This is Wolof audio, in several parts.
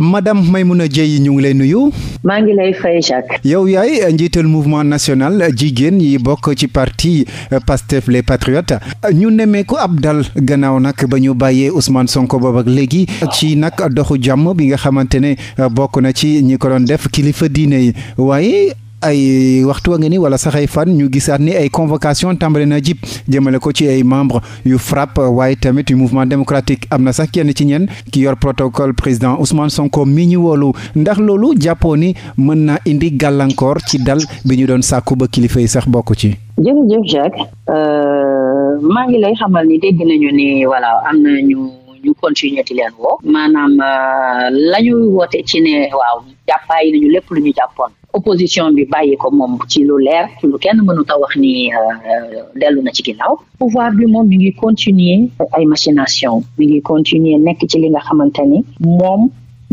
madame a Dièye ñu ngi lay nuyu. maa ngi lay fay Jacques. yow yaay njiital mouvement national jigéen yi bokk ci parti euh, Pastef les Patriotes ñu ku ab dal gannaaw nag ba ñu bàyyee Ousmane Sonko boobu ak léegi ci nag doxu jàmm bi nga xamante ne euh, bokk na ci ñi ko doon def kilifa diine yi waaye ay waxtu a ngi ni wala sax ay fan ñu gisaat ni ay convocation tàmbali na jip jëmale ko ci ay membre yu FRAPP waaye tamit yu mouvement démocratique am na sax kenn ci ñeen ki yor protocole président Ousmane Sonko mi ñu wolu ndax loolu jàppoo ni mën naa indi gàllankoor ci dal bi ñu doon sàkku ba kilifa yi sax bokk ci. jërëjëf Jacques euh, maa ngi lay xamal ni dégg nañu ni voilà am na ñu ñu continuer di leen woo maanaam euh, la woote ci ne waaw jàppaay nañu lépp lu ñu jàppoon. opposition bi bàyyi ko moom ci lu leer ci lu kenn mënut a wax ni euh, euh, dellu na ci ginnaaw pouvoir bi moom mi ngi continuer ay machination mi ngi continuer nekk ci li nga xamante ni moom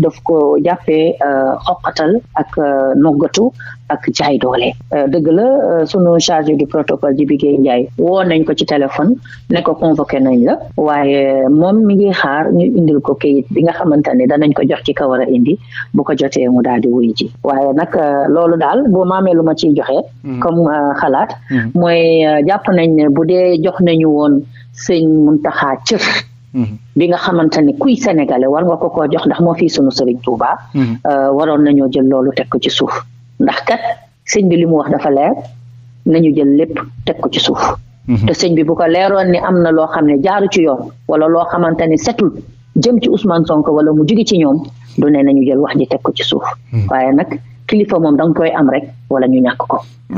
daf ko jàppee euh, xoqatal ak euh, noggatu ak jaay doole euh, dëgg la sunu chargé du protocole Jibi Gueye Ndiaye woo nañ ko ci téléphone ne ko convoqué nañ la waaye moom mi ngi xaar ñu indil ko kayit bi nga xamante ne danañ ko jox ci ka war indi bu ko jotee mu daal di wuy ji waaye nag loolu daal boo maamee lu ma ciy joxe. Mm-hmm. comme xalaat mm-hmm. mooy jàpp nañ ne bu de jox nañu woon sëñ Muntaxa cër Mm-hmm. bi nga xamante ne kuy sénégalais war nga ko koo jox ndax moo fi sunu sëriñ Touba. Mm-hmm. Euh, waroon nañoo jël loolu teg ko ci suuf ndax kat sëñ bi li mu wax dafa leer nañu jël lépp teg ko ci suuf. Mm-hmm. te sëñ bi bu ko leeroon ni am na loo xam ne jaaru ci yoon wala loo xamante ne setul jëm ci Ousmane sonk wala mu jugi ci ñoom du ne nañu jël wax ji teg ko ci suuf. waaye nag kilifa moom da koy am rek wala ñu ñàkk ko.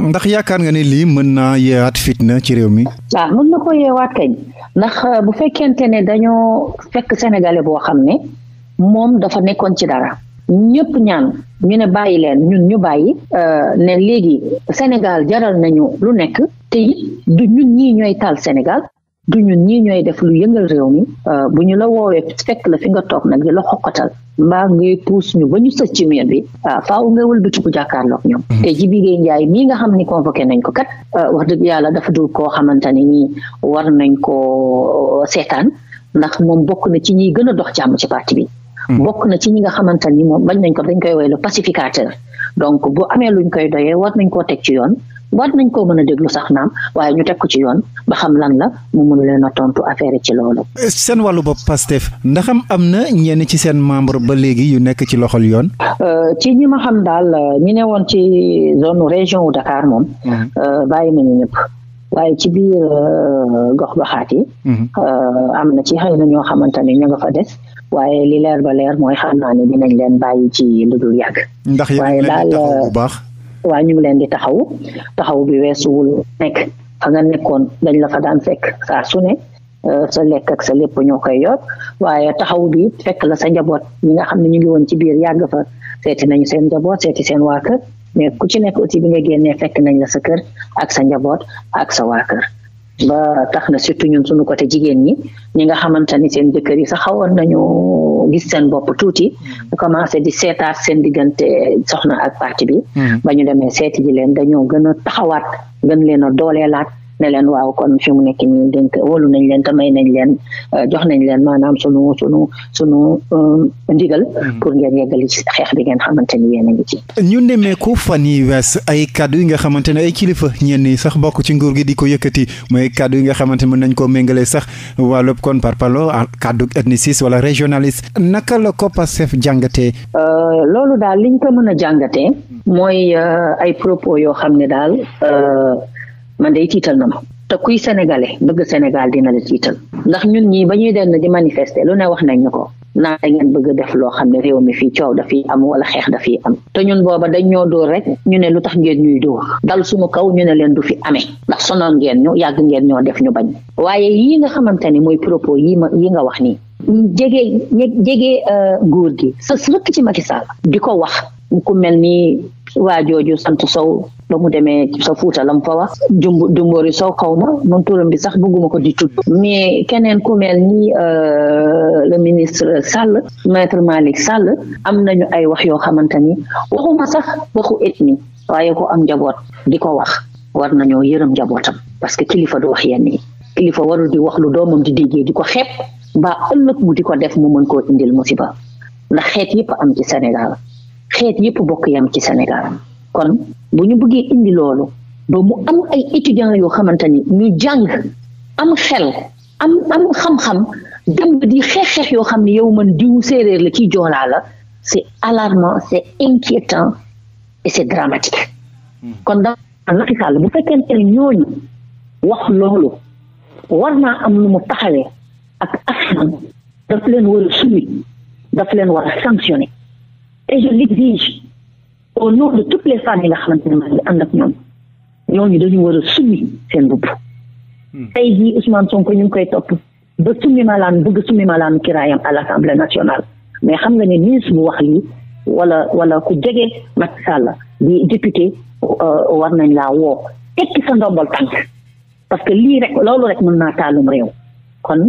ndax yaakaar nga ne lii mën naa yeewaat fitna ci réew mi. waaw mën na ko yeewaat kañ ndax euh, bu fekkente ne dañoo fekk sénégalais boo xam ne moom dafa nekkoon ci dara. ñëpp ñaan ñu ne bàyyi leen ñun ñu bàyyi euh, ne léegi Sénégal jaral nañu lu nekk te it du ñun ñi ñooy taal Sénégal du ñun ñii ñooy def lu yëngal réew mi euh, bu ñu la woowee fekk la fi nga toog nag di la xokkatal mbaa ngay puus ñu ba ñu sëcc ci miir bi euh, faaw nga wëlbatiku jàkkaarloog ñoom mm-hmm. te Jibril Njaay mii nga xam ni convoqué nañ ko kat euh, wax dëgg yàlla dafa dul koo xamante ne nii war nañ koo seetaan ndax moom bokk na ci ñiy gën a dox jàmm ci parti bi mm-hmm. bokk na ci ñi nga xamante ni moom bañ nañ ko dañ koy woy le pacificateur donc boo amee luñ koy doyee war nañ koo teg ci yoon war nañ koo mën déglu sax naam waaye ñu teg ci yoon ba xam lan la mu mënu leen a tontu affaire ci loolu. Eh, seen wàllu bopp Pastef ndaxam am na ñenn ci seen membre ba léegi yu nekk ci loxol yoon. Euh, ci ñi ma xam daal euh, ñi ne woon ci zone région wu Dakar moom. Mhm. Euh, bàyyi nañu ñëpp. waaye ci biir gox goxaat yi. Mhm. am na ci xëy na ñoo xamante ne ñu nga fa des waaye li leer ba leer mooy xam naa ne dinañ leen bàyyi ci lu dul yàgg. waaye daal bu baax. waa ñu ngi leen di taxaw taxaw bi weesuwul nekk fa nga nekkoon dañ la fa daan fekk saa su ne euh, sa lekk sa lépp ñoo koy yor waaye taxawu bi fekk la sa njaboot ñi nga xam ne ñu ngi woon ci biir yàgg fa seeti nañu seen njaboot seeti seen waa mais ku ci nekk aussi bi nga génnee fekk nañ la sa kër ak sa njaboot ak sa waa ba tax na surtout ñun suñu côté jigéen ñi ñi nga xamante ni seen jëkkër yi sax xawoon nañu gis seen bopp tuuti mm. commencé di seetaat seen diggante soxna ak parti bi mm. ba ñu demee seeti ji leen dañoo gën a taxawaat gën leen a dooleelaat ne leen waaw kon fi mu nekk nii dénk wóolu nañ leen te may nañ leen euh, jox nañ leen maanaam sunu sunu sunu euh, ndigal mm. pour ngeen yeggali ci xeex bi ngeen xamante ni yéen a ngi fan yi wees ay kàddu yi nga xamante ne kilifa ñenn yi sax bokk ci nguur gi di ko yëkkati mooy kàddu yi nga xamante mën nañ koo méngale sax wàllub kon par parlo ah, kàddu ethniciste wala régionaliste naka la ko Pastef jàngatee euh, loolu daal liñ ko mën a jàngatee mm. mooy ay propos yoo xam ne daal man day tiital na ma te kuy sénégalais bëgg Sénégal dina la tiital ndax ñun ñii ba ñuy dem di manifester lu ne wax nañ ñu ko naa da ngeen bëgg def loo xam ne réew mi fii da dafiy am wala xeex dafiy am te ñun booba da ñoo dóor rek ñu ne lu tax ngeen ñuy dóor dal suñu kaw ñu ne leen du fi amee ndax sonal ngeen ñu yàgg ngeen ñoo def ñu bañ waaye yi nga xamante ni mooy propos yi ma yi nga wax nii jege jege euh, nguur gi sa rëkk ci Macky Sall di ko wax ku mel waa jooju sant sow ba mu demee sa fuuta lam fa wax jumbu dumbori sow xaw ma man turam bi sax bëgguma ko di tudd mais keneen ku mel ni euh, le ministre Sall maître Malick Sall am nañu ay wax yoo xamante ni waxuma sax waxu ethnie waaye ko am njaboot di ko wax war nañoo yërëm njabootam parce que kilifa du wax yenn yi kilifa warul di wax lu doomam di déggee di ko xeeb mbaa ëllëg mu di ko def mu mën koo indil musiba ndax xeet yëpp am ci Sénégal xeet yëpp bokk yam ci Sénégal kon bu ñu bëggee indi loolu ba mu am ay étudiants yoo xamante ni ñu jàng am xel am am xam-xam dem di xeex-xeex yoo xam ne yow man diwu séeréer la ci joolaa la c'est alarmant c'est inquiétant et c'est dramatique hmm. kon da Macky Sall bu fekkente ne ñooñu wax loolu warna am lu mu taxawee ak askan daf leen war a suñu daf leen war a sanctionné et je l'exige au nom de toutes ni femmes yi nga xamante ne maa ngi ànd ak ñoom ñooñu dañu war a summi seen bopp. ji hmm. jii Ousmane Sonko ñu ngi koy topp ba summi malaan bëgg summi malaan kiraayam à l' assemblée nationale mais xam nga ne ministre bu wax lii wala wala ku jege Macky Sall di député euh, war nañ laa woo tekki sa ndombal tànk parce que lii rek loolu rek mën naa taalum réew kon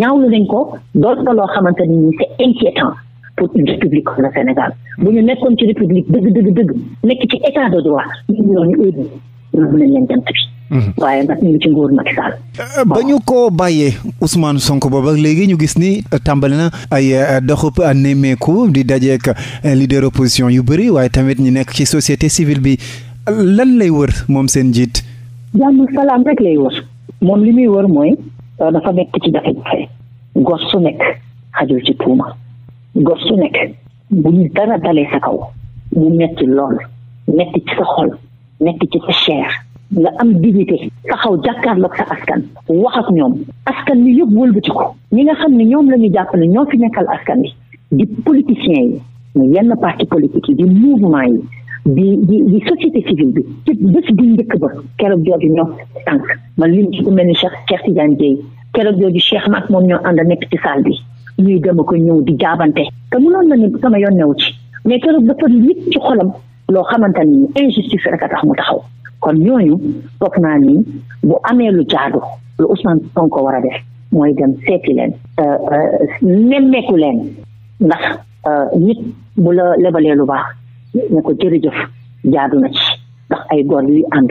ñaawlu nañ ko doon loo xamante ne nii c'est pour une république nekkoon ci république dëgg dëgg mhm. waaye nag ñu ngi ci nguur Macky Sall. Euh, ba ñu ko bàyyee Ousmane Sonko booba léegi ñu gis ni euh, tàmbali na ay euh, doxub nemmeeku di dajeek leader opposition yu bëri waaye tamit ñu nekk ci société civile bi lan lay wër moom seen njiit. jàmm salaam rek lay wër. moom li muy wër mooy. dafa nekk ci jafe-jafe. gos su nekk xajul ci tuuma. gor su nekk bu ñu dara dalee sa kaw mu metti lool metti ci sa xol metti ci sa chair nga am dignité taxaw jàkkaarloog sa askan wax ak ñoom askan bi yëpp wëlbati ko ñi nga xam ne ñoom la ñu jàpp ñoo fi nekkal askan bi di politiciens yi mu yenn parti politique yi di mouvement yi di di di société civile bi ci bés bu njëkk ba keroog jooju ñoo tànk man lim ci ku mel ni Cheikh Cheikh Tidiane Dieye keroog jooju Cheikh maak moom ñoo ànd a nekk ci saal bi ñuy dem ko ñëw di jaabante te mënoon na ni sama yoon newu ci mais keroog ci xolam loo xamante ni injustice tax mu taxaw kon ñooñu topp naa ni bu amee lu jaado lu Ousmane Sonko war a def mooy dem seeti leen euh, euh, nemmeeku leen ndax euh, nit bu la lebalee lu baax ne ko jërëjëf jaadu na ci ndax ay góor yuy ànd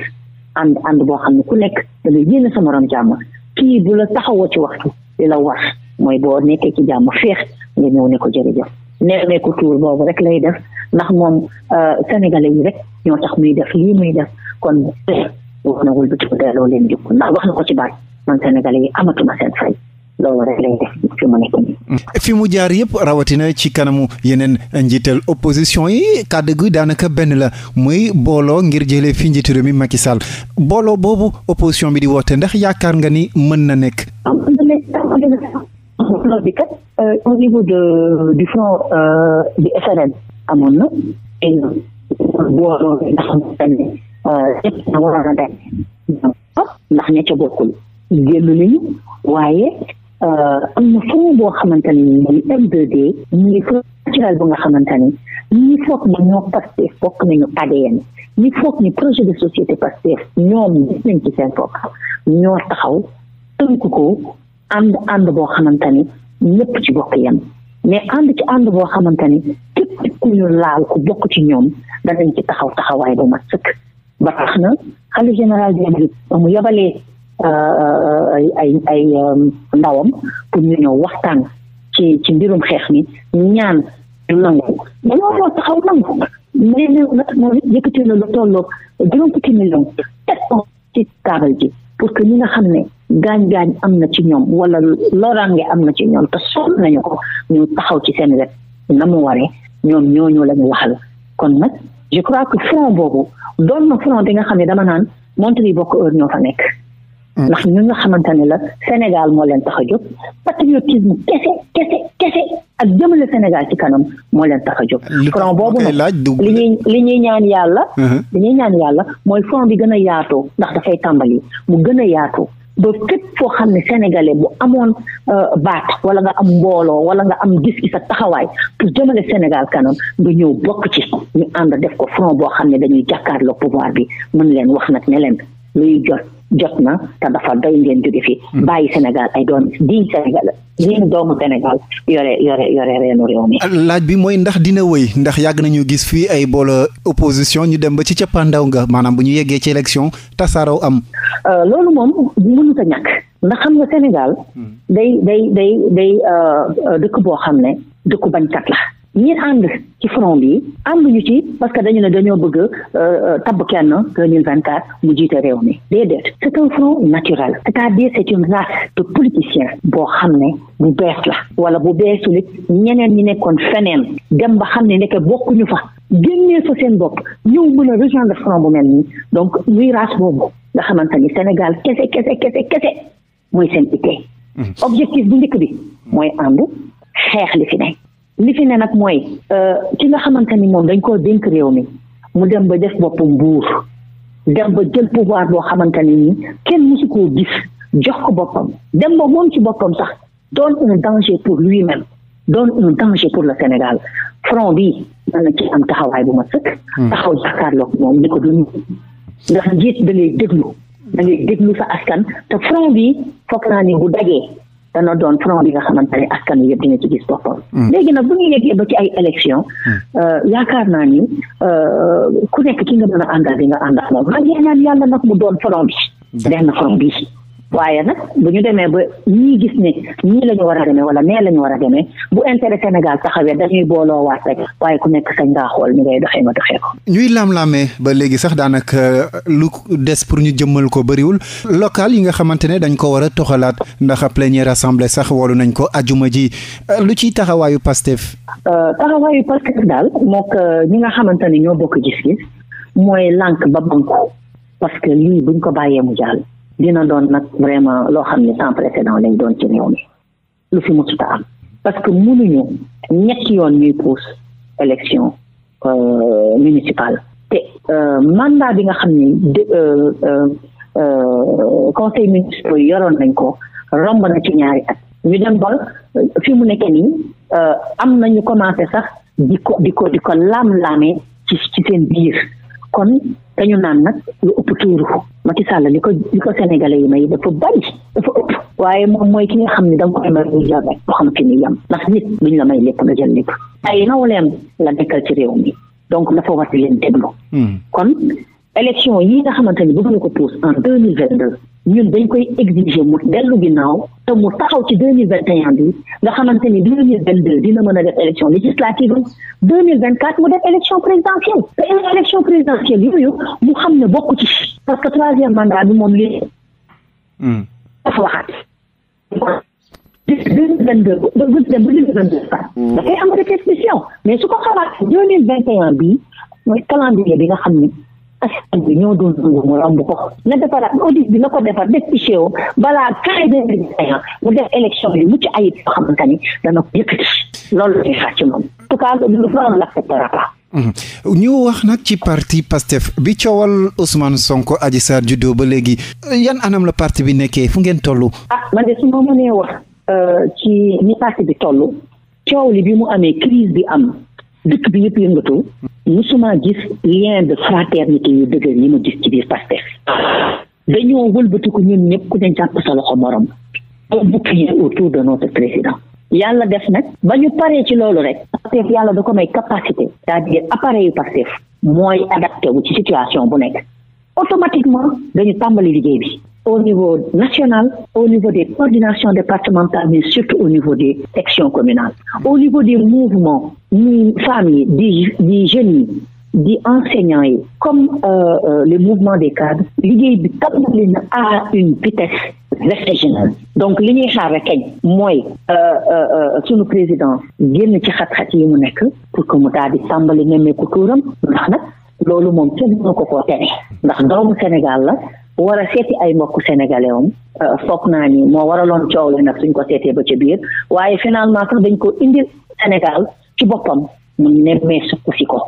ànd ànd boo xam ne ku nekk da ngay yéene sa morom jàmm kii bu la taxawoo ci waxtu li la war mooy boo nekkee ci jàmm féex nga ñëw ne ko jërëjëf nemmeeku tuur boobu rek lay def ndax moom sénégalais yi rek ñoo tax muy def lii muy def kon wax leen jukk ndax wax na ko ci baat man sénégalais fi mu jaar yëpp rawatina ci kanamu yeneen njiital opposition yi kàddu gi daanaka benn la muy booloo ngir jële fi njiitu réew mi Macky Sall booloo boobu opposition bi di woote ndax yaakaar nga ni mën na nekk. flotte bi kat au niveau euh, na booloo euh, euh, bi nga xamante ne ñëpp génn nañu waaye am na front boo xamante ne mooy bu nga xamante foog ni ñoo Pastef bokk nañu ADN ñi foog ni projet de société Pastef ñoom gis seen bopp ñoo taxaw tënk ko ànd ànd boo xamante ni ñëpp ci bokk yem mais ànd ci ànd boo xamante ni képp ku ñu laal ku bokk ci ñoom danañ ci taxaw taxawaay ba mat sëkk ba tax na xale général bi bi ba euh, euh, ay ay euh, ndawam pour ñu ñëw waxtaan ci ci mbirum xeex mi ñaan ñu nangu dañoo war taxaw nangu mais léegi nag moom yëkkati na lu tolloo juróom fukki million teg que ñi nga xam ne gaañ-gaañ am na ci ñoom wala loraange am na ci ñoom te sonn nañu ko ñu taxaw ci seen wet na mu waree ñoom ñooñu la ñu waxal kon nag je crois que front boobu doon na front bi nga xam ne dama naan montre yi bokk heure ñoo fa nekk mm. ndax ñu nga xamante ne la Sénégal moo leen tax a jóg patriotisme kese kese kese ak jëmale Sénégal ci kanam moo leen tax a jóg front boobu nag li ñuy ñaan yàlla mm-hmm. li ñuy ñaan yàlla mooy front bi gën a yaatoo ndax dafay tàmbali mu gën a yaatoo ba képp foo xam ne sénégalais bu amoon euh, baat wala nga am mbooloo wala nga am gis-gis sa taxawaay pour jëmale Sénégal kanam nga ñëw bokk ci ñu ànd def ko front boo xam ne dañuy jàkkaarloo pouvoir bi mun leen wax nag ne leen luy jot jot na te dafa doy ngeen jóge fi hmm. bàyyi Sénégal ay doom diñ Sénégal diñ doomu Sénégal yore yore yore reenu réew mi laaj bi mooy ndax dina wëy ndax yàgg nañu gis fii ay boole opposition ñu dem ba ci cappaandaw nga maanaam bu ñu yeggee ci élection tasaaroo am euh, loolu moom mënut a ñàkk ndax xam nga Sénégal hmm. day day day day euh, euh, dëkk boo xam ne dëkku bañkat la ñiin ànd ci front bi ànduñu ci parce que dañu ne dañoo bëgg euh, euh, tabb kenn 2024 mu jiite réew mi déedéet c'est un front naturel c'est-à-dire de politiciens boo xam ne bu bees la wala bu beesul it ñeneen ñi nekkoon feneen dem ba xam ne nekk bokkuñu fa génnee fa seen bopp ñëw mën a rejoindre front bu mel nii donc muy race boobu nga xamante ni Sénégal kese kese kese kese mooy seen ittee objectif bu njëkk bi mooy àndu xeex li fi ne li fi ne nag mooy euh, ki nga xamante ni moom dañ koo dénk réew mi mu dem ba def bopp mbuur dem ba jël pouvoir boo xamante ni nii kenn mësu gis jox ko boppam dem ba moom ci boppam sax doon un danger pour lui-même doon un danger pour le Sénégal front bi mën na ci am taxawaay bu ma sëkk. Hmm. taxaw jàkkaarloog moom ni ko dund. ndax njiit da ngay déglu da ngay déglu sa askan te front bi foog naa ni bu dajee dana doon front bi nga xamante ne askan wi yëpp dina ci gis boppam. Mm. léegi nag bu ñu yeggee ba ci ay élection mm. euh, yaakaar naa ni euh, ku nekk ki nga mën a àndal di nga àndal moom man yaa ñaan yàlla nag mu doon front bi. benn front bi. waaye nag bu ñu demee ba ñii gis ne ñii la ñu war a demee wala nee la war a demee bu intérêt Sénégal taxawee dañuy booloo waat rek waaye ku nekk sañ ngaa xool ni ngay doxee nga doxee ko. ñuy laam-laamee ba léegi sax daanaka lu des pour ñu jëmmal ko bariwul local yi nga xamante ne dañ ko war a toxalaat ndax plénière assemblée sax wolu nañ ko ajuma ji lu ciy taxawaayu Pastef. Euh, taxawaayu Pastef daal mook euh, ñi nga xamante ne ñoo bokk gis-gis mooy lànk ba banku parce ko bàyyee mu dina doon nag vraiment loo xam ne sans précédent lañ doon ci réew mi lu fi musuta am parce que mënuñu ñetti yoon ñuy puus élection euh, municipale te euh, mandat bi nga xam ni euh, conseil municipal yi yoroon nañ ko romb na ci ñaari at ñu dem ba fi mu nekkee nii am na ñu commencé sax di ko di ko di ko laam-laamee ci ci seen biir kon dañu naan nag lu ëpp tuuru Macky Sall li ko li ko sénégalais yi may dafa bari dafa ëpp waaye moom mooy ki nga xam ne da nga koy may lu jabe boo xam fi ni yam ndax nit duñ la may lépp nga jël lépp ay nawleem la nekkal ci réew mi donc dafa war di leen déglu hmm. kon élection yi nga xamante ni bëgg na ko pousse en deux mille vingt deux ñun dañ koy exiger mu dellu ginnaaw te mu taxaw ci deux mille vingt et un bi nga xamante ni deux mille vingt deux dina mën a def élection législative deux mille vingt quatre mu def élection présidentielle te élection présidentielle yooyu mu xam ne bokk ci parce que troisième mandat bi moom lii hmm. dafa waxaat deux mille vingt a ba dem ba deux mille vingt deux hmm. dafay am répétition mais bi mooy bi nga xam ni askan bi ñoo doon dund mu romb ko na defaraat audit bi na ko defar def ci balaa quinze deux mille mu def élection yi ci ayib yoo xamante ni dana ko yëkkati loolu la ci moom en tout cas le plan mhm. wax nag ci parti Pastef bi coowal Ousmane Sonko Adji Sarr juddoo ba léegi yan anam la parti bi nekkee fu ngeen toll. ah man de su ma mënee wax euh, ci ni parti bi toll coow li bi mu amee crise bi am. dëkk bi yëpp yëngatu musuma gis lien de fraternité yu dëgër yi ma gis ci biir Pastef dañoo wëlbatiku ñun ñëpp ku ne jàpp sa loxo morom on bouclier autour de notre président yàlla def nag ba ñu paree ci loolu rek Pastef yàlla da ko may capacité c'est-à-dire appareil yu mooy adapté wu ci situation bu nekk automatiquement dañu tàmbali liggéey bi au niveau national, au niveau des coordinations départementales, mais surtout au niveau des sections communales. Au niveau des mouvements, des familles, des, des jeunes, di enseignants yi comme euh, euh, le mouvement des cadres liggéey bi tàmbali à une vitesse vertigineuse donc li ñuy xaar rek kañ mooy euh, euh, euh, sunu président génn ci xat-xat yi mu nekk pour que mu daal di tàmbali nemmeeku tuuram ndax nag loolu moom kenn mënu ko koo tere ndax doomu Sénégal la war a seeti ay mbokku sénégalais am euh, naa ni moo waraloon coow la nag suñ ko seetee ba ca biir waaye finalement sax dañ ko indil Sénégal ci boppam mu nemmee sukk si ko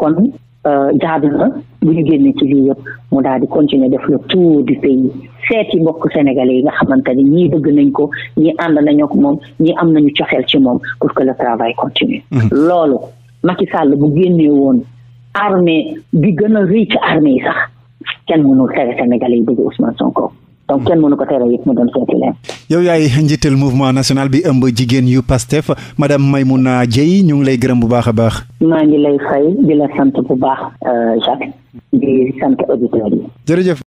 kon euh, jaadu na bu ñu génnee ci lii yëpp mu daal di continuer def le tour du pays seeti mbokk sénégalais yi nga xamante ni ñii bëgg nañ ko ñii ànd nañoo ko moom ñii am nañu coxeel ci moom pour que le travail continue mm-hmm. loolu Macky Sall bu génnee woon armée bi gën a rëy ci sax kenn mënul tere Sénégalais yi bëgg Ousmane Sonko donc kenn mënu ko tere yëpp mu dem seeti leen. yow yaay njiital mouvement national bi ëmb jigéen yu Pastef madame Maymouna Dieye ñu ngi lay gërëm bu baax a baax. maa ngi lay fay di la sant bu baax euh, Jacques di sant auditeurs yi.